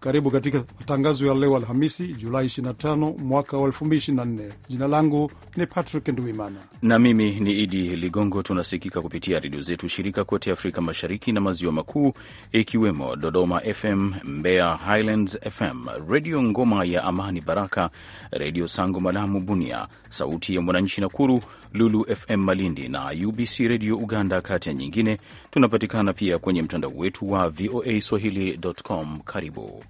Karibu katika matangazo ya leo Alhamisi, Julai 25 mwaka wa 2024. Jina langu ni Patrick Nduimana na mimi ni Idi Ligongo. Tunasikika kupitia redio zetu shirika kote Afrika Mashariki na Maziwa Makuu, ikiwemo Dodoma FM, Mbeya Highlands FM, Redio Ngoma ya Amani Baraka, Redio Sango Malamu Bunia, Sauti ya Mwananchi Nakuru, Lulu FM Malindi na UBC Redio Uganda, kati ya nyingine. Tunapatikana pia kwenye mtandao wetu wa VOA swahili.com. Karibu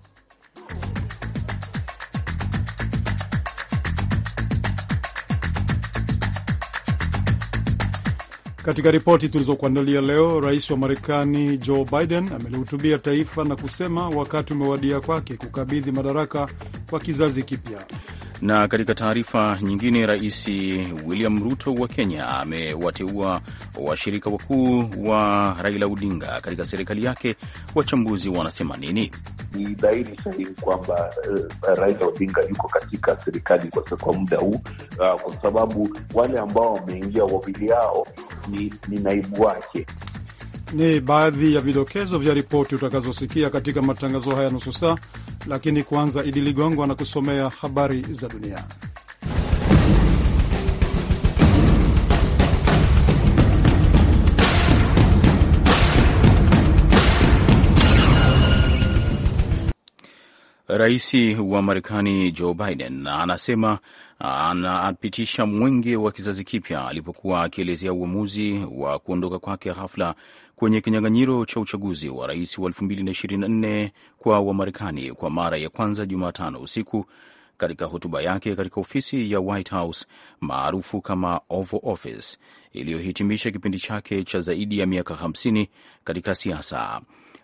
katika ripoti tulizokuandalia leo, rais wa Marekani Joe Biden amelihutubia taifa na kusema wakati umewadia kwake kukabidhi madaraka kwa kizazi kipya. Na katika taarifa nyingine, Rais William Ruto wa Kenya amewateua washirika wakuu wa Raila Odinga katika serikali yake. Wachambuzi wanasema nini? Ni dhahiri sahihi kwamba uh, Raila Odinga yuko katika serikali kwa, kwa muda huu uh, kwa sababu wale ambao wameingia wawili yao ni, ni naibu wake. Ni baadhi ya vidokezo vya ripoti utakazosikia katika matangazo haya nusu saa, lakini kwanza Idi Ligongo anakusomea habari za dunia. Rais wa Marekani Joe Biden anasema anapitisha mwenge wa kizazi kipya alipokuwa akielezea uamuzi wa kuondoka kwake ghafla kwenye kinyang'anyiro cha uchaguzi wa rais wa 2024 kwa Wamarekani kwa mara ya kwanza Jumatano usiku katika hotuba yake katika ofisi ya White House maarufu kama Oval Office iliyohitimisha kipindi chake cha zaidi ya miaka 50 katika siasa.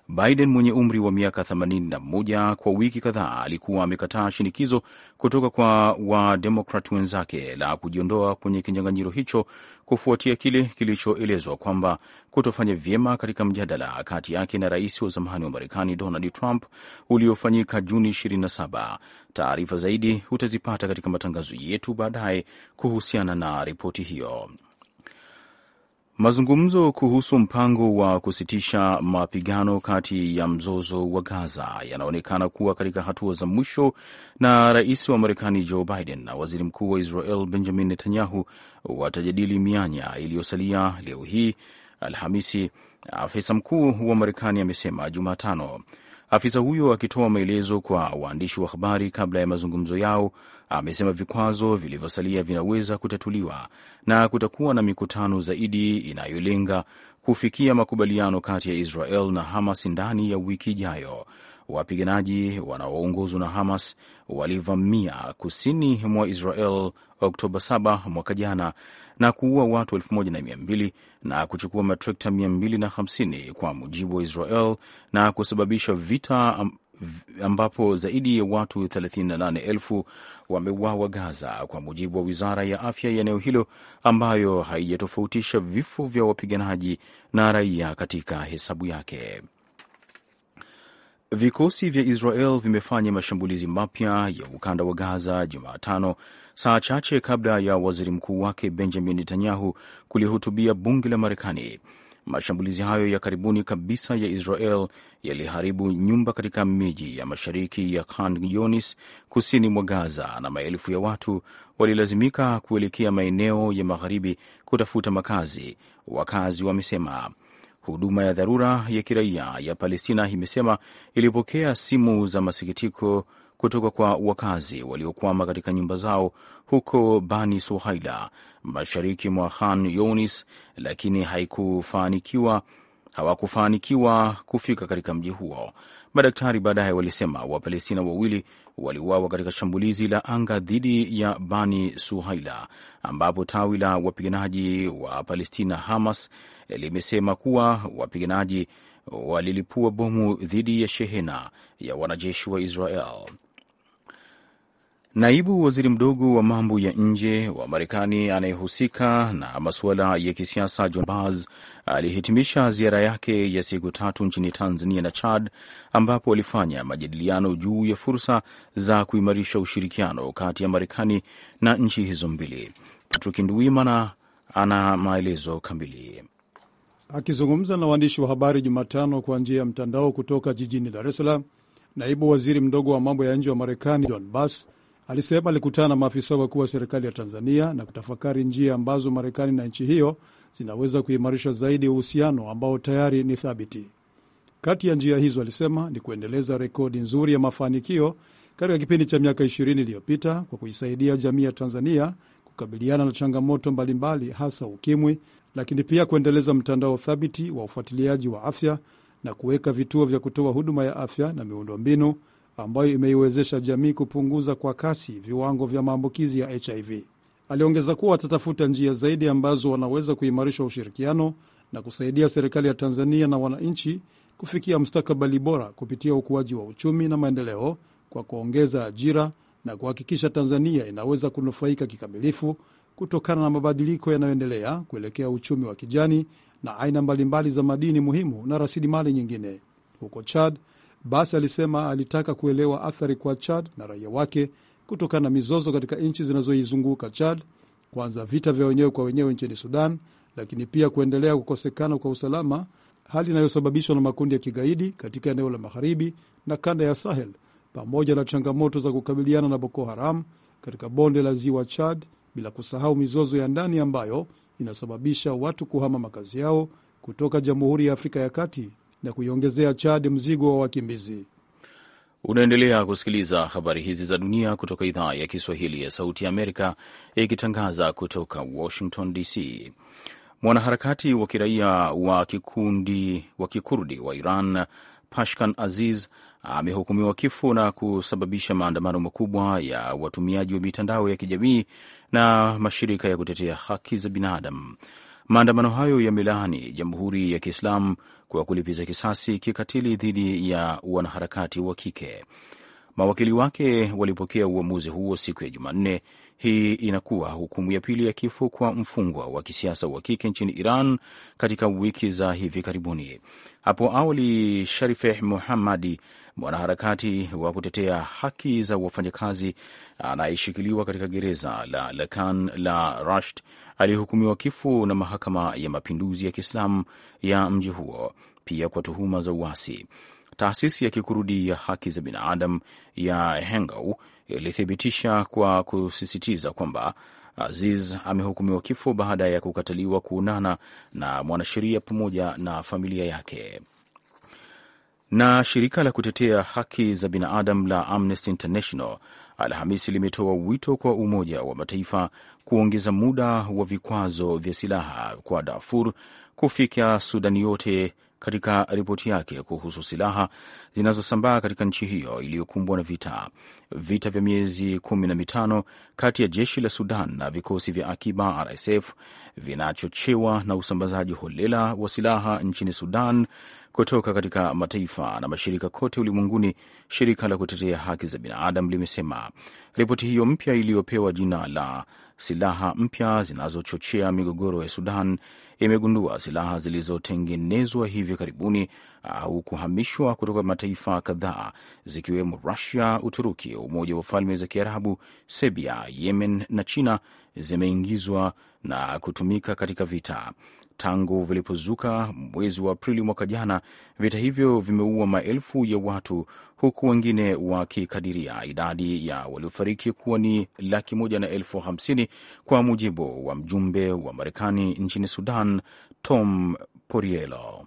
Biden mwenye umri wa miaka 81 kwa wiki kadhaa alikuwa amekataa shinikizo kutoka kwa wademokrat wenzake la kujiondoa kwenye kinyang'anyiro hicho kufuatia kile kilichoelezwa kwamba kutofanya vyema katika mjadala kati yake na rais wa zamani wa Marekani Donald Trump uliofanyika Juni 27. Taarifa zaidi utazipata katika matangazo yetu baadaye kuhusiana na ripoti hiyo. Mazungumzo kuhusu mpango wa kusitisha mapigano kati ya mzozo wa Gaza yanaonekana kuwa katika hatua za mwisho, na rais wa Marekani Joe Biden na waziri mkuu wa Israel Benjamin Netanyahu watajadili mianya iliyosalia leo hii Alhamisi, afisa mkuu wa Marekani amesema Jumatano. Afisa huyo akitoa maelezo kwa waandishi wa habari kabla ya mazungumzo yao, amesema vikwazo vilivyosalia vinaweza kutatuliwa na kutakuwa na mikutano zaidi inayolenga kufikia makubaliano kati ya Israel na Hamas ndani ya wiki ijayo. Wapiganaji wanaoongozwa na Hamas walivamia kusini mwa Israel Oktoba 7 mwaka jana na kuua watu 1200 na kuchukua matrekta 250 kwa mujibu wa Israel na kusababisha vita ambapo zaidi ya watu 38,000 wameuawa Gaza, kwa mujibu wa wizara ya afya ya eneo hilo ambayo haijatofautisha vifo vya wapiganaji na raia katika hesabu yake. Vikosi vya Israel vimefanya mashambulizi mapya ya ukanda wa Gaza Jumatano, saa chache kabla ya waziri mkuu wake Benjamin Netanyahu kulihutubia bunge la Marekani. Mashambulizi hayo ya karibuni kabisa ya Israel yaliharibu nyumba katika miji ya mashariki ya Khan Younis, kusini mwa Gaza, na maelfu ya watu walilazimika kuelekea maeneo ya magharibi kutafuta makazi, wakazi wamesema. Huduma ya dharura ya kiraia ya Palestina imesema ilipokea simu za masikitiko kutoka kwa wakazi waliokwama katika nyumba zao huko Bani Suhaila, mashariki mwa Khan Younis, lakini haikufanikiwa hawakufanikiwa kufika katika mji huo. Madaktari baadaye walisema Wapalestina wawili waliuawa katika shambulizi la anga dhidi ya Bani Suhaila, ambapo tawi la wapiganaji wa Palestina Hamas limesema kuwa wapiganaji walilipua bomu dhidi ya shehena ya wanajeshi wa Israel. Naibu waziri mdogo wa mambo ya nje wa Marekani anayehusika na masuala ya kisiasa John bas alihitimisha ziara yake ya siku tatu nchini Tanzania na Chad, ambapo alifanya majadiliano juu ya fursa za kuimarisha ushirikiano kati ya Marekani na nchi hizo mbili. Patrick Nduwimana ana maelezo kamili. Akizungumza na waandishi wa habari Jumatano kwa njia ya mtandao kutoka jijini Dar es Salaam, naibu waziri mdogo wa mambo ya nje wa Marekani John Bass alisema alikutana na maafisa wakuu wa serikali ya Tanzania na kutafakari njia ambazo Marekani na nchi hiyo zinaweza kuimarisha zaidi uhusiano ambao tayari ni thabiti. Kati ya njia hizo, alisema ni kuendeleza rekodi nzuri ya mafanikio katika kipindi cha miaka 20 iliyopita kwa kuisaidia jamii ya Tanzania kukabiliana na changamoto mbalimbali, hasa ukimwi, lakini pia kuendeleza mtandao thabiti wa ufuatiliaji wa afya na kuweka vituo vya kutoa huduma ya afya na miundombinu ambayo imeiwezesha jamii kupunguza kwa kasi viwango vya maambukizi ya HIV. Aliongeza kuwa watatafuta njia zaidi ambazo wanaweza kuimarisha ushirikiano na kusaidia serikali ya Tanzania na wananchi kufikia mustakabali bora kupitia ukuaji wa uchumi na maendeleo kwa kuongeza ajira na kuhakikisha Tanzania inaweza kunufaika kikamilifu kutokana na mabadiliko yanayoendelea kuelekea uchumi wa kijani na aina mbalimbali za madini muhimu na rasilimali nyingine. Huko Chad, basi alisema alitaka kuelewa athari kwa Chad na raia wake kutokana na mizozo katika nchi zinazoizunguka Chad, kwanza vita vya wenyewe kwa wenyewe nchini Sudan, lakini pia kuendelea kukosekana kwa usalama, hali inayosababishwa na makundi ya kigaidi katika eneo la magharibi na kanda ya Sahel, pamoja na changamoto za kukabiliana na Boko Haram katika bonde la ziwa Chad, bila kusahau mizozo ya ndani ambayo inasababisha watu kuhama makazi yao kutoka Jamhuri ya Afrika ya Kati na kuiongezea Chad mzigo wa wakimbizi. Unaendelea kusikiliza habari hizi za dunia kutoka idhaa ya Kiswahili ya Sauti ya Amerika ikitangaza kutoka Washington DC. Mwanaharakati wa kiraia wa kikundi wa kikurdi wa Iran Pashkan Aziz amehukumiwa kifo na kusababisha maandamano makubwa ya watumiaji wa mitandao ya kijamii na mashirika ya kutetea haki za binadamu. Maandamano hayo yamelaani Jamhuri ya Kiislamu kwa kulipiza kisasi kikatili dhidi ya wanaharakati wa kike. Mawakili wake walipokea uamuzi huo siku ya Jumanne hii inakuwa hukumu ya pili ya kifo kwa mfungwa wa kisiasa wa kike nchini Iran katika wiki za hivi karibuni. Hapo awali, Sharifeh Muhammadi, mwanaharakati wa kutetea haki za wafanyakazi anayeshikiliwa katika gereza la Lakan la Rasht, aliyehukumiwa kifo na mahakama ya mapinduzi ya Kiislamu ya mji huo pia kwa tuhuma za uasi. Taasisi ya kikurudi ya haki za binadamu ya Hengau ilithibitisha kwa kusisitiza kwamba Aziz amehukumiwa kifo baada ya kukataliwa kuonana na mwanasheria pamoja na familia yake. Na shirika la kutetea haki za binadamu la Amnesty International Alhamisi limetoa wito kwa Umoja wa Mataifa kuongeza muda wa vikwazo vya silaha kwa Darfur kufika Sudani yote katika ripoti yake kuhusu silaha zinazosambaa katika nchi hiyo iliyokumbwa na vita. Vita vya miezi kumi na mitano kati ya jeshi la Sudan na vikosi vya akiba RSF vinachochewa na usambazaji holela wa silaha nchini Sudan kutoka katika mataifa na mashirika kote ulimwenguni, shirika la kutetea haki za binadamu limesema. Ripoti hiyo mpya iliyopewa jina la silaha mpya zinazochochea migogoro ya Sudan imegundua silaha zilizotengenezwa hivi karibuni ah, au kuhamishwa kutoka mataifa kadhaa zikiwemo Rusia, Uturuki, Umoja wa Falme za Kiarabu, Serbia, Yemen na China zimeingizwa na kutumika katika vita. Tangu vilipozuka mwezi wa Aprili mwaka jana, vita hivyo vimeua maelfu ya watu, huku wengine wakikadiria idadi ya waliofariki kuwa ni laki moja na elfu hamsini kwa mujibu wa mjumbe wa Marekani nchini Sudan, Tom Porielo.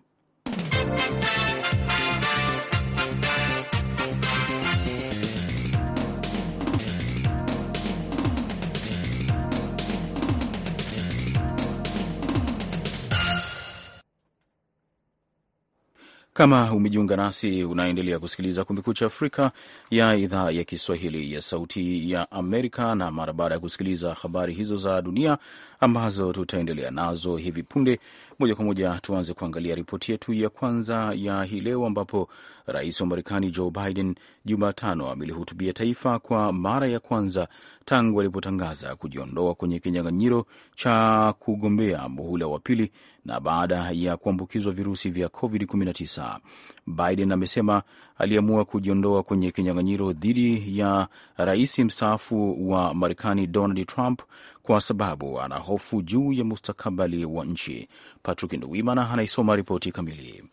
Kama umejiunga nasi, unaendelea kusikiliza Kumekucha Afrika ya idhaa ya Kiswahili ya Sauti ya Amerika, na mara baada ya kusikiliza habari hizo za dunia ambazo tutaendelea nazo hivi punde, moja kwa moja tuanze kuangalia ripoti yetu ya kwanza ya hii leo, ambapo rais wa Marekani Joe Biden Jumatano amelihutubia taifa kwa mara ya kwanza tangu alipotangaza kujiondoa kwenye kinyang'anyiro cha kugombea muhula wa pili na baada ya kuambukizwa virusi vya COVID-19. Biden amesema aliamua kujiondoa kwenye kinyang'anyiro dhidi ya rais mstaafu wa Marekani Donald Trump kwa sababu ana hofu juu ya mustakabali wa nchi. Patrick Nduwimana anaisoma ripoti kamili.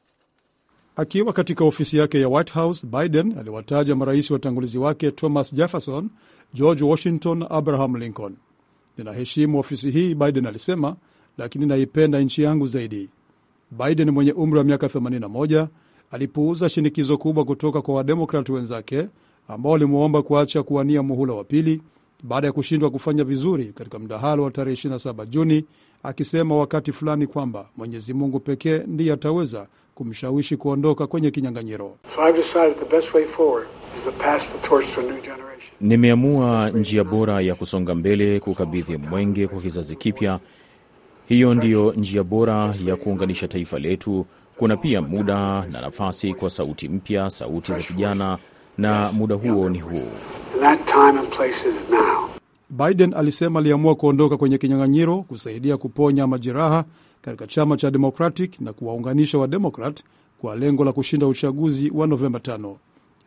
Akiwa katika ofisi yake ya White House, Biden aliwataja marais watangulizi wake Thomas Jefferson, George Washington, Abraham Lincoln. Ninaheshimu ofisi hii, Biden alisema lakini naipenda nchi yangu zaidi. Biden mwenye umri wa miaka 81 alipuuza shinikizo kubwa kutoka kwa wademokrati wenzake ambao walimwomba kuacha kuwania muhula wa pili baada ya kushindwa kufanya vizuri katika mdahalo wa tarehe 27 Juni, akisema wakati fulani kwamba Mwenyezi Mungu pekee ndiye ataweza kumshawishi kuondoka kwenye kinyang'anyiro. So nimeamua njia bora ya kusonga mbele, kukabidhi mwenge kwa kizazi kipya hiyo ndiyo njia bora ya kuunganisha taifa letu. Kuna pia muda na nafasi kwa sauti mpya, sauti za vijana, na muda huo ni huu. Biden alisema aliamua kuondoka kwenye kinyang'anyiro kusaidia kuponya majeraha katika chama cha Democratic na kuwaunganisha Wademokrat kwa lengo la kushinda uchaguzi wa Novemba 5.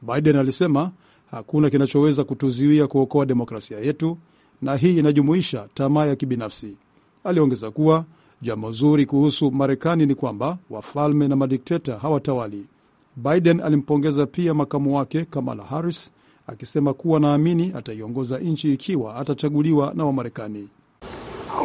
Biden alisema hakuna kinachoweza kutuzuia kuokoa demokrasia yetu, na hii inajumuisha tamaa ya kibinafsi. Aliongeza kuwa jambo zuri kuhusu Marekani ni kwamba wafalme na madikteta hawatawali. Biden alimpongeza pia makamu wake Kamala Harris akisema kuwa naamini ataiongoza nchi ikiwa atachaguliwa na Wamarekani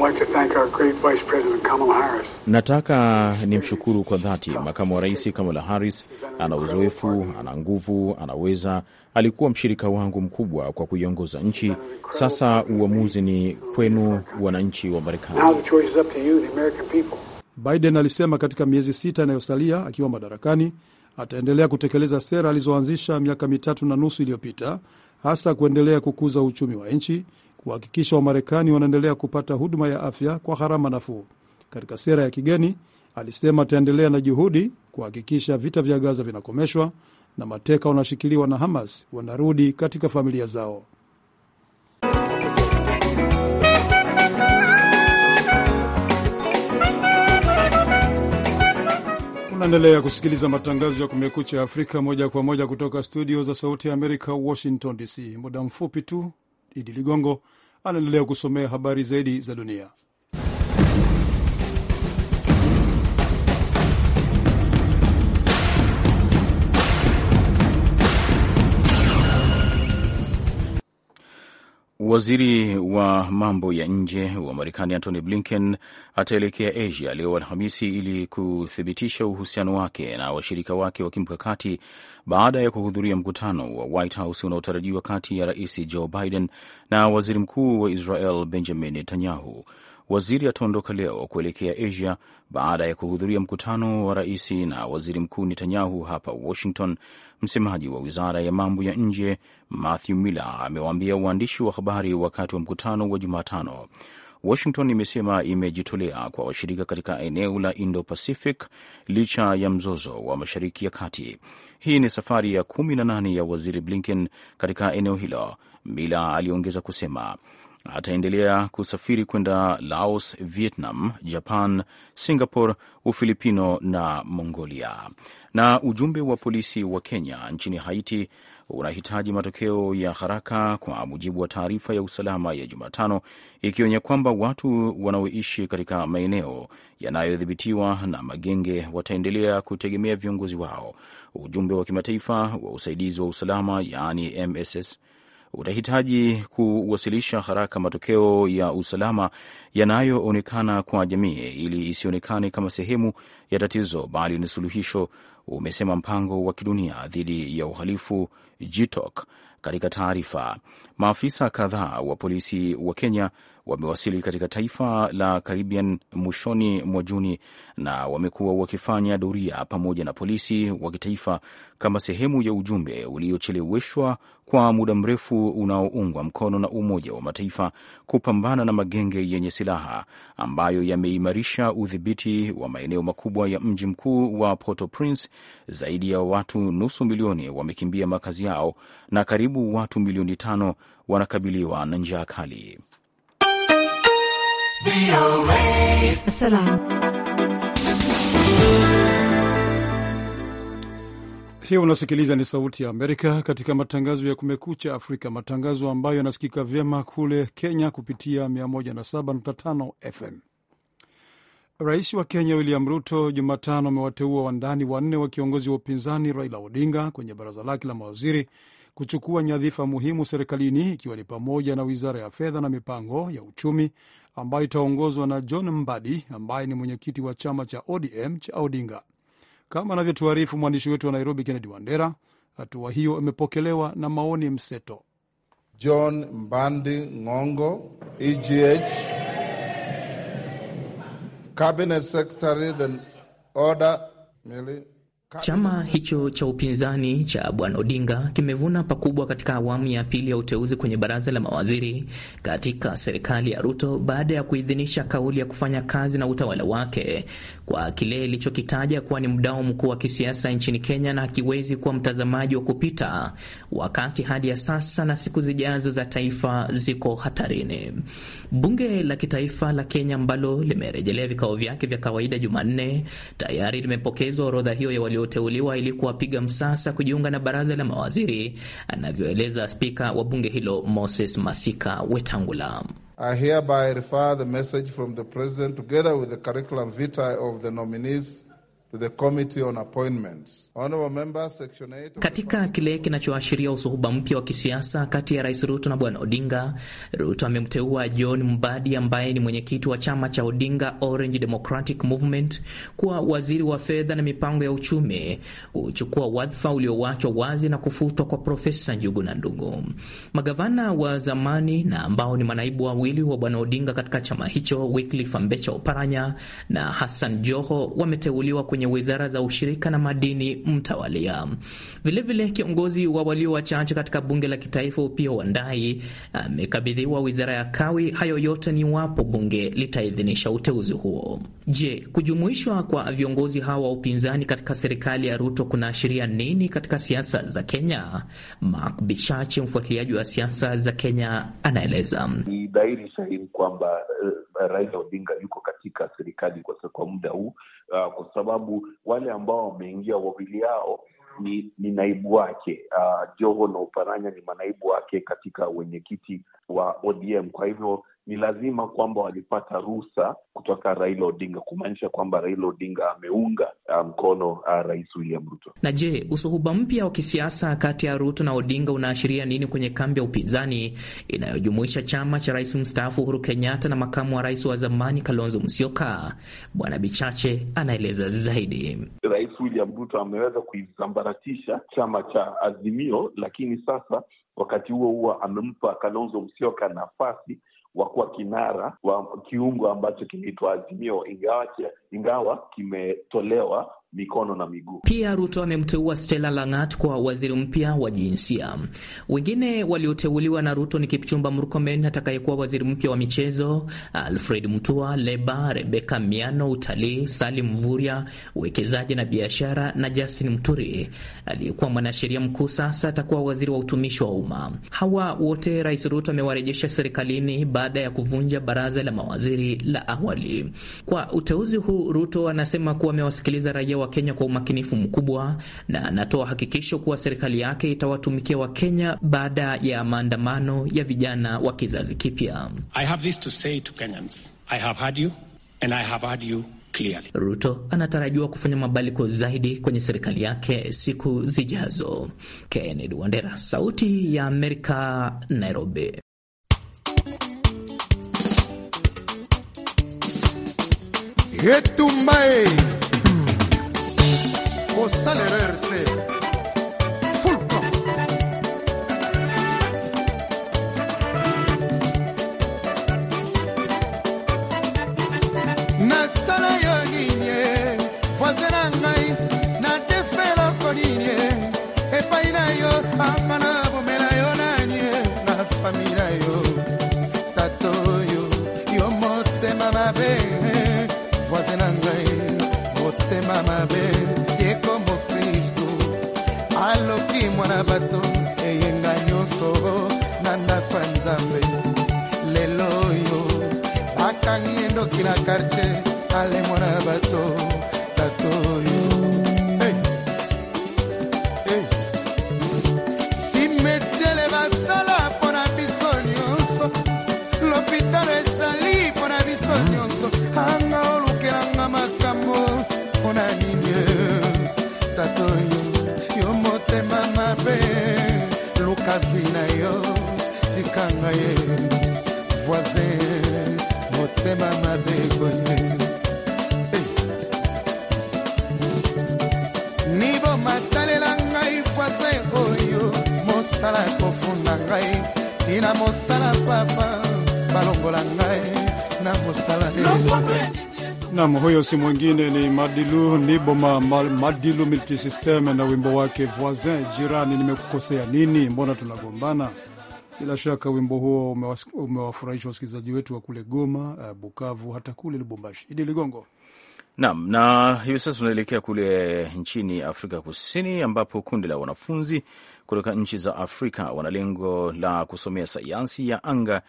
like to thank our great Vice President Kamala Harris. Nataka nimshukuru kwa dhati makamu wa rais Kamala Harris. Ana uzoefu, ana nguvu, anaweza. Alikuwa mshirika wangu mkubwa kwa kuiongoza nchi. Sasa uamuzi ni kwenu, wananchi wa Marekani. Biden alisema katika miezi sita inayosalia akiwa madarakani ataendelea kutekeleza sera alizoanzisha miaka mitatu na nusu iliyopita, hasa kuendelea kukuza uchumi wa nchi kuhakikisha Wamarekani wanaendelea kupata huduma ya afya kwa gharama nafuu. Katika sera ya kigeni, alisema ataendelea na juhudi kuhakikisha vita vya Gaza vinakomeshwa na mateka wanashikiliwa na Hamas wanarudi katika familia zao. Unaendelea kusikiliza matangazo ya Kumekucha Afrika moja kwa moja kutoka studio za Sauti ya Amerika, Washington DC. Muda mfupi tu Idi Ligongo anaendelea kusomea habari zaidi za dunia. Waziri wa mambo ya nje wa Marekani Antony Blinken ataelekea Asia leo Alhamisi ili kuthibitisha uhusiano wake na washirika wake wa kimkakati baada ya kuhudhuria mkutano wa White House unaotarajiwa kati ya Rais Joe Biden na Waziri Mkuu wa Israel Benjamin Netanyahu. Waziri ataondoka leo kuelekea Asia baada ya kuhudhuria mkutano wa rais na waziri mkuu Netanyahu hapa Washington. Msemaji wa wizara ya mambo ya nje Matthew Miller amewaambia waandishi wa habari wakati wa mkutano wa Jumatano. Washington imesema imejitolea kwa washirika katika eneo la Indo-Pacific licha ya mzozo wa Mashariki ya Kati. Hii ni safari ya kumi na nane ya waziri Blinken katika eneo hilo, Mila aliongeza kusema ataendelea kusafiri kwenda Laos, Vietnam, Japan, Singapore, Ufilipino na Mongolia. Na ujumbe wa polisi wa Kenya nchini Haiti unahitaji matokeo ya haraka, kwa mujibu wa taarifa ya usalama ya Jumatano, ikionya kwamba watu wanaoishi katika maeneo yanayodhibitiwa na magenge wataendelea kutegemea viongozi wao. Ujumbe wa kimataifa wa usaidizi wa usalama yaani MSS utahitaji kuwasilisha haraka matokeo ya usalama yanayoonekana kwa jamii ili isionekane kama sehemu ya tatizo bali ni suluhisho, umesema mpango wa kidunia dhidi ya uhalifu GITOC. Katika taarifa, maafisa kadhaa wa polisi wa Kenya wamewasili katika taifa la Caribbean mwishoni mwa Juni na wamekuwa wakifanya doria pamoja na polisi wa kitaifa kama sehemu ya ujumbe uliocheleweshwa kwa muda mrefu unaoungwa mkono na Umoja wa Mataifa kupambana na magenge yenye silaha ambayo yameimarisha udhibiti wa maeneo makubwa ya mji mkuu wa Port-au-Prince. Zaidi ya watu nusu milioni wamekimbia makazi yao na karibu watu milioni tano wanakabiliwa na njaa kali. Hiyo unasikiliza ni Sauti ya Amerika katika matangazo ya Kumekucha Afrika, matangazo ambayo yanasikika vyema kule Kenya kupitia 107.5 FM. Rais wa Kenya William Ruto Jumatano amewateua wandani wanne wa kiongozi wa upinzani Raila Odinga kwenye baraza lake la mawaziri kuchukua nyadhifa muhimu serikalini ikiwa ni pamoja na wizara ya fedha na mipango ya uchumi ambayo itaongozwa na John Mbadi ambaye ni mwenyekiti wa chama cha ODM cha Odinga. Kama anavyotuarifu mwandishi wetu wa Nairobi, Kennedy Wandera, hatua hiyo imepokelewa na maoni mseto. John Mbandi Ng'ongo, EGH, Cabinet Secretary, then order merely Chama hicho cha upinzani cha Bwana Odinga kimevuna pakubwa katika awamu ya pili ya uteuzi kwenye baraza la mawaziri katika serikali ya Ruto baada ya kuidhinisha kauli ya kufanya kazi na utawala wake kwa kile ilichokitaja kuwa ni mdao mkuu wa kisiasa nchini Kenya na akiwezi kuwa mtazamaji wa kupita, wakati hadi ya sasa na siku zijazo za taifa ziko hatarini. Bunge la kitaifa la Kenya ambalo limerejelea vikao vyake vya kawaida Jumanne tayari limepokezwa orodha hiyo ya walio walioteuliwa ili kuwapiga msasa kujiunga na baraza la mawaziri, anavyoeleza spika wa bunge hilo Moses Masika Wetangula. I hereby refer the message from the president together with the curriculum vitae of the nominees to the committee on appointments katika kile kinachoashiria usuhuba mpya wa kisiasa kati ya Rais Ruto na Bwana Odinga, Ruto amemteua John Mbadi ambaye ni mwenyekiti wa chama cha Odinga Orange Democratic Movement kuwa waziri wa fedha na mipango ya uchumi, kuchukua wadhifa uliowachwa wazi na kufutwa kwa Profesa na Ndugu. Magavana wa zamani na ambao ni manaibu wawili wa Bwana Odinga katika chama hicho, Wycliffe Ambecha Oparanya na Hassan Joho, wameteuliwa kwenye wizara za ushirika na madini mtawalia. Vilevile kiongozi wa walio wachache katika bunge la kitaifa wa Wandayi amekabidhiwa wizara ya kawi. Hayo yote ni wapo bunge litaidhinisha uteuzi huo. Je, kujumuishwa kwa viongozi hawa wa upinzani katika serikali ya Ruto kunaashiria nini katika siasa za Kenya? Mark Bichachi, mfuatiliaji wa siasa za Kenya, anaeleza. Ni dhahiri sahihi kwamba uh, Raila Odinga yuko katika serikali kwa, kwa muda huu uh, kwa sababu wale ambao wameingia wawili yao ni, ni naibu wake uh, Joho na uparanya ni manaibu wake katika wenyekiti wa ODM. Kwa hivyo ni lazima kwamba walipata ruhusa kutoka Raila Odinga, kumaanisha kwamba Raila Odinga ameunga uh, mkono uh, Rais William Ruto. Na je, usuhuba mpya wa kisiasa kati ya Ruto na Odinga unaashiria nini kwenye kambi ya upinzani inayojumuisha chama cha rais mstaafu Uhuru Kenyatta na makamu wa rais wa zamani Kalonzo Musyoka? Bwana Bichache anaeleza zaidi. Rais William Ruto ameweza kuisambaratisha chama cha Azimio, lakini sasa wakati huo huo amempa Kalonzo Musyoka nafasi wa kuwa kinara wa kiungo ambacho kinaitwa Azimio, ingawa ingawa kimetolewa mikono na miguu. Pia Ruto amemteua Stella Langat kwa waziri mpya wa jinsia. Wengine walioteuliwa na Ruto ni Kipchumba Murkomen atakayekuwa waziri mpya wa michezo, Alfred Mutua, leba, Rebeka Miano, utalii, Salim Mvurya, uwekezaji na biashara, na Justin mturi aliyekuwa mwanasheria mkuu, sasa atakuwa waziri wa utumishi wa umma. Hawa wote Rais Ruto amewarejesha serikalini baada ya kuvunja baraza la mawaziri la awali. Kwa uteuzi huu, Ruto anasema kuwa amewasikiliza raia Wakenya kwa umakinifu mkubwa na anatoa hakikisho kuwa serikali yake itawatumikia Wakenya baada ya maandamano ya vijana wa kizazi kipya. Clearly. Ruto anatarajiwa kufanya mabadiliko zaidi kwenye serikali yake siku zijazo. Kennedy Wandera, Sauti ya Amerika, Nairobi. kosala erreur te full prof nasala yo nini ye voisin na ngai natefeloko nini ye epai na yo amba nabomela yo nani ye na fami na yo tata oyo yo motema mabe voisin na ngai motema mabe na bato eyenga nyonso na ndako ya nzambe lelo oyo akangi endoki na kartier alemo na bato Nam, huyo si mwingine ni Madilu Niboma Madilu System na wimbo wake Voisin, jirani, nimekukosea nini, mbona tunagombana? Bila shaka wimbo huo umewafurahisha wasikilizaji wetu wa kule Goma, eh, Bukavu, hata kule Lubumbashi. Idi Ligongo. nam na hivi sasa tunaelekea kule nchini Afrika Kusini ambapo kundi la wanafunzi kutoka nchi za Afrika wana lengo la kusomea sayansi ya anga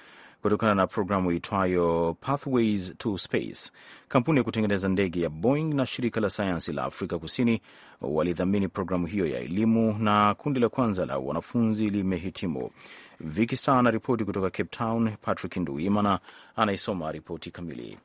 kutokana na programu itwayo Pathways to Space. Kampuni ya kutengeneza ndege ya Boeing na shirika la sayansi la Afrika Kusini walidhamini programu hiyo ya elimu na kundi la kwanza la wanafunzi limehitimu. Vicky Star anaripoti kutoka Cape Town. Patrick Nduimana anaisoma ripoti kamili.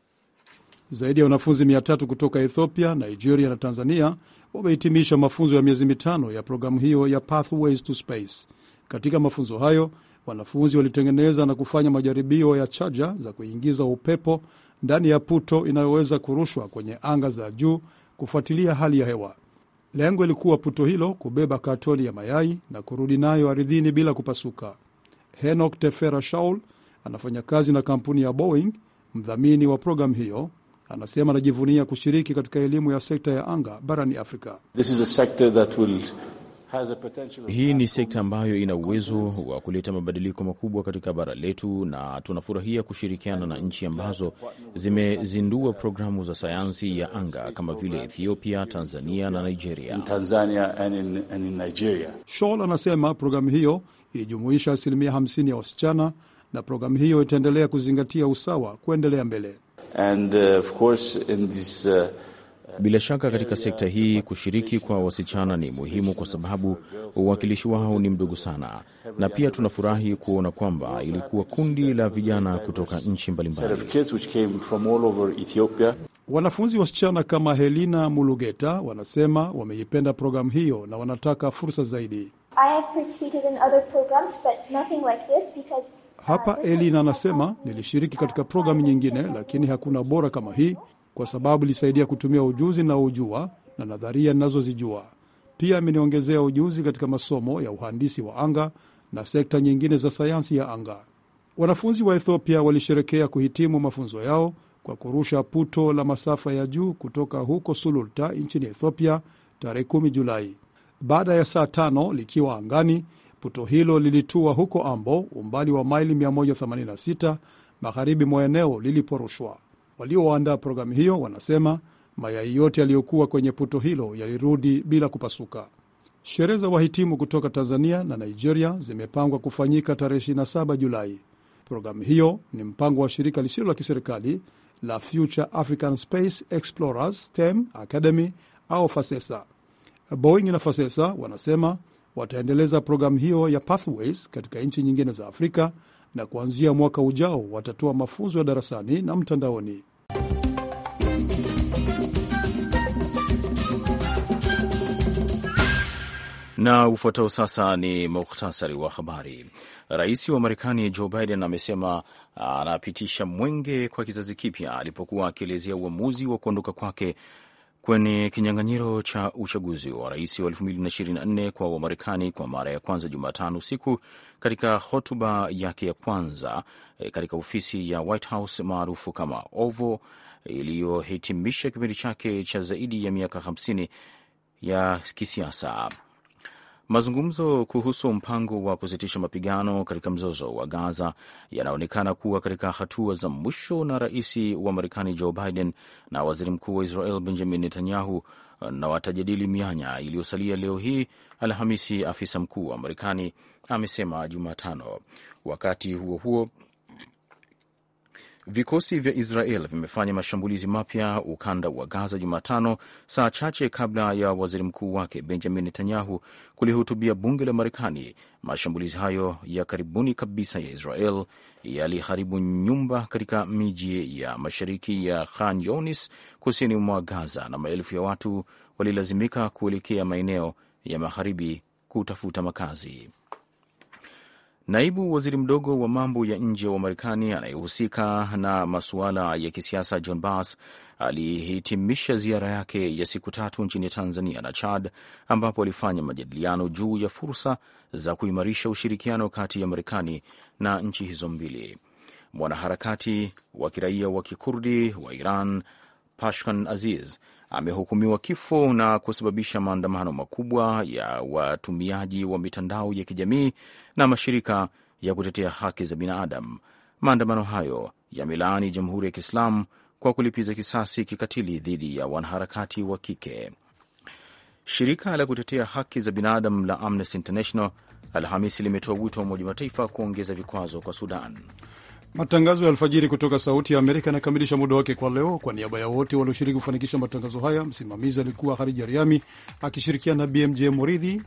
Zaidi ya wanafunzi mia tatu kutoka Ethiopia, Nigeria na Tanzania wamehitimisha mafunzo ya miezi mitano ya programu hiyo ya Pathways to Space. Katika mafunzo hayo, wanafunzi walitengeneza na kufanya majaribio ya chaja za kuingiza upepo ndani ya puto inayoweza kurushwa kwenye anga za juu kufuatilia hali ya hewa. Lengo ilikuwa puto hilo kubeba katoni ya mayai na kurudi nayo ardhini bila kupasuka. Henok Tefera Shaul anafanya kazi na kampuni ya Boeing, mdhamini wa programu hiyo. Anasema anajivunia kushiriki katika elimu ya sekta ya anga barani Afrika. This is a sector that will hii ni sekta ambayo ina uwezo wa kuleta mabadiliko makubwa katika bara letu, na tunafurahia kushirikiana na nchi ambazo zimezindua programu za sayansi ya anga kama vile Ethiopia, Tanzania na Nigeria. Shol anasema programu hiyo ilijumuisha asilimia 50 ya wasichana na programu hiyo itaendelea kuzingatia usawa kuendelea mbele And, uh, of course, in this, uh, bila shaka katika sekta hii kushiriki kwa wasichana ni muhimu kwa sababu uwakilishi wao ni mdogo sana, na pia tunafurahi kuona kwamba ilikuwa kundi la vijana kutoka nchi mbalimbali. Wanafunzi wasichana kama helina Mulugeta wanasema wameipenda programu hiyo na wanataka fursa zaidi. Hapa uh, Elina anasema nilishiriki katika programu nyingine, lakini hakuna bora kama hii kwa sababu ilisaidia kutumia ujuzi na ujua na nadharia ninazozijua. Pia ameniongezea ujuzi katika masomo ya uhandisi wa anga na sekta nyingine za sayansi ya anga. Wanafunzi wa Ethiopia walisherekea kuhitimu mafunzo yao kwa kurusha puto la masafa ya juu kutoka huko Sululta nchini Ethiopia tarehe 1 Julai. Baada ya saa tano likiwa angani, puto hilo lilitua huko Ambo, umbali wa maili 186 magharibi mwa eneo liliporushwa. Walioandaa programu hiyo wanasema mayai yote yaliyokuwa kwenye puto hilo yalirudi bila kupasuka. Sherehe za wahitimu kutoka Tanzania na Nigeria zimepangwa kufanyika tarehe 27 Julai. Programu hiyo ni mpango wa shirika lisilo la kiserikali la Future African Space Explorers STEM Academy au FASESA. E Boeing na FASESA e wanasema wataendeleza programu hiyo ya Pathways katika nchi nyingine za Afrika na kuanzia mwaka ujao watatoa mafunzo ya darasani na mtandaoni. Na ufuatao sasa ni muhtasari wa habari. Rais wa Marekani Joe Biden amesema anapitisha mwenge kwa kizazi kipya alipokuwa akielezea uamuzi wa kuondoka kwake kwenye kinyang'anyiro cha uchaguzi wa rais wa 2024 kwa Wamarekani kwa mara ya kwanza Jumatano usiku. Katika hotuba yake ya kwanza e, katika ofisi ya White House maarufu kama Oval, iliyohitimisha kipindi chake cha zaidi ya miaka 50 ya kisiasa. Mazungumzo kuhusu mpango wa kusitisha mapigano katika mzozo wa Gaza yanaonekana kuwa katika hatua za mwisho, na rais wa Marekani Joe Biden na waziri mkuu wa Israel Benjamin Netanyahu eh, na watajadili mianya iliyosalia leo hii Alhamisi, afisa mkuu wa Marekani amesema Jumatano. Wakati huo huo, Vikosi vya Israel vimefanya mashambulizi mapya ukanda wa Gaza Jumatano, saa chache kabla ya waziri mkuu wake Benjamin Netanyahu kulihutubia bunge la Marekani. Mashambulizi hayo ya karibuni kabisa ya Israel yaliharibu nyumba katika miji ya mashariki ya Khan Younis, kusini mwa Gaza, na maelfu ya watu walilazimika kuelekea maeneo ya magharibi kutafuta makazi. Naibu waziri mdogo wa mambo ya nje wa Marekani anayehusika na masuala ya kisiasa John Bass alihitimisha ziara yake ya siku tatu nchini Tanzania na Chad, ambapo alifanya majadiliano juu ya fursa za kuimarisha ushirikiano kati ya Marekani na nchi hizo mbili. Mwanaharakati wa kiraia wa kikurdi wa Iran Pashkan Aziz amehukumiwa kifo na kusababisha maandamano makubwa ya watumiaji wa mitandao ya kijamii na mashirika ya kutetea haki za binadamu. Maandamano hayo yamelaani Jamhuri ya Kiislamu kwa kulipiza kisasi kikatili dhidi ya wanaharakati wa kike. Shirika la kutetea haki za binadamu la Amnesty International Alhamisi limetoa wito wa Umoja Mataifa kuongeza vikwazo kwa Sudan. Matangazo ya alfajiri kutoka Sauti ya Amerika yanakamilisha muda wake kwa leo. Kwa niaba ya wote walioshiriki kufanikisha matangazo haya, msimamizi alikuwa Harija Riami akishirikiana na BMJ Muridhi,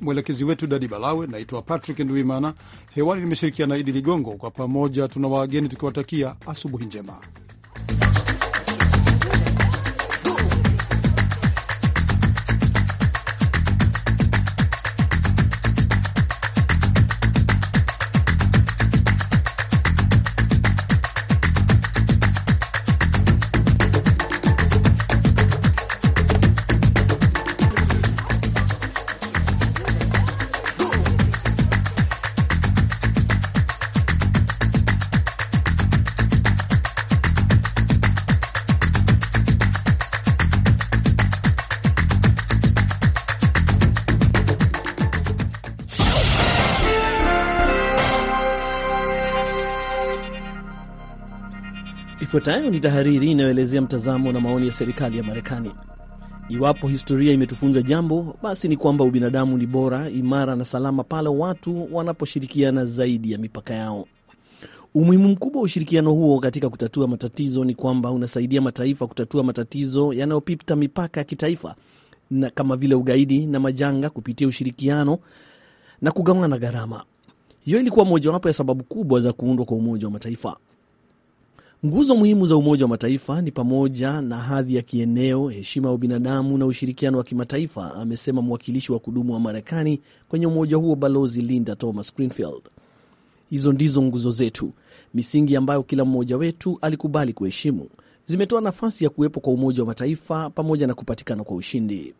mwelekezi wetu Dadi Balawe. Naitwa Patrick Nduimana, hewani nimeshirikiana na Idi Ligongo. Kwa pamoja tuna wageni tukiwatakia asubuhi njema. Ifuatayo ni tahariri inayoelezea mtazamo na maoni ya serikali ya Marekani. Iwapo historia imetufunza jambo, basi ni kwamba ubinadamu ni bora, imara na salama pale watu wanaposhirikiana zaidi ya mipaka yao. Umuhimu mkubwa wa ushirikiano huo katika kutatua matatizo ni kwamba unasaidia mataifa kutatua matatizo yanayopita mipaka ya kitaifa na kama vile ugaidi na majanga kupitia ushirikiano na kugawana gharama. Hiyo ilikuwa mojawapo ya sababu kubwa za kuundwa kwa Umoja wa Mataifa. Nguzo muhimu za Umoja wa Mataifa ni pamoja na hadhi ya kieneo, heshima ya ubinadamu na ushirikiano wa kimataifa, amesema mwakilishi wa kudumu wa Marekani kwenye umoja huo, Balozi Linda Thomas Greenfield. Hizo ndizo nguzo zetu, misingi ambayo kila mmoja wetu alikubali kuheshimu, zimetoa nafasi ya kuwepo kwa Umoja wa Mataifa pamoja na kupatikana kwa ushindi.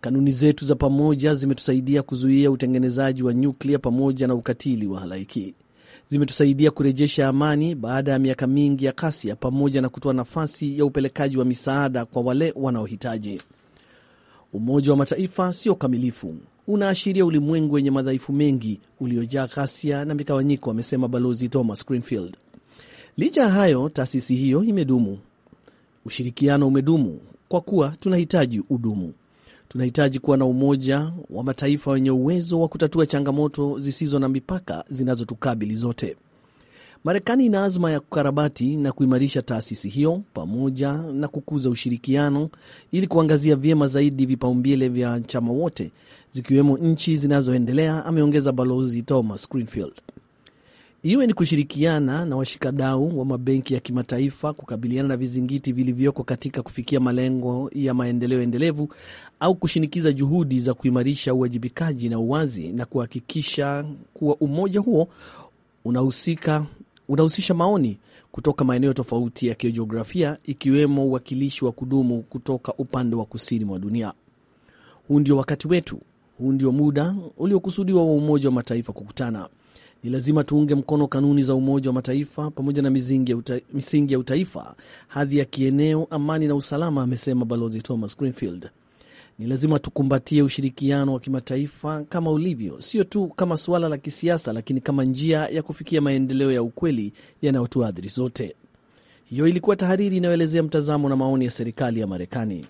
Kanuni zetu za pamoja zimetusaidia kuzuia utengenezaji wa nyuklia pamoja na ukatili wa halaiki zimetusaidia kurejesha amani baada ya miaka mingi ya ghasia pamoja na kutoa nafasi ya upelekaji wa misaada kwa wale wanaohitaji. Umoja wa Mataifa sio kamilifu, unaashiria ulimwengu wenye madhaifu mengi uliojaa ghasia na migawanyiko, amesema Balozi Thomas Greenfield. Licha ya hayo, taasisi hiyo imedumu, ushirikiano umedumu, kwa kuwa tunahitaji udumu. Tunahitaji kuwa na Umoja wa Mataifa wenye uwezo wa kutatua changamoto zisizo na mipaka zinazotukabili zote. Marekani ina azma ya kukarabati na kuimarisha taasisi hiyo pamoja na kukuza ushirikiano ili kuangazia vyema zaidi vipaumbele vya chama wote zikiwemo nchi zinazoendelea, ameongeza Balozi Thomas Greenfield iwe ni kushirikiana na washikadau wa mabenki ya kimataifa kukabiliana na vizingiti vilivyoko katika kufikia malengo ya maendeleo endelevu au kushinikiza juhudi za kuimarisha uwajibikaji na uwazi na kuhakikisha kuwa umoja huo unahusika unahusisha maoni kutoka maeneo tofauti ya kijiografia ikiwemo uwakilishi wa kudumu kutoka upande wa kusini mwa dunia. Huu ndio wakati wetu, huu ndio muda uliokusudiwa wa Umoja wa Mataifa kukutana ni lazima tuunge mkono kanuni za Umoja wa Mataifa pamoja na misingi ya, uta, misingi ya utaifa, hadhi ya kieneo, amani na usalama, amesema Balozi Thomas Greenfield. Ni lazima tukumbatie ushirikiano wa kimataifa kama ulivyo, sio tu kama suala la kisiasa, lakini kama njia ya kufikia maendeleo ya ukweli yanayotuadhiri zote. Hiyo ilikuwa tahariri inayoelezea mtazamo na maoni ya serikali ya Marekani.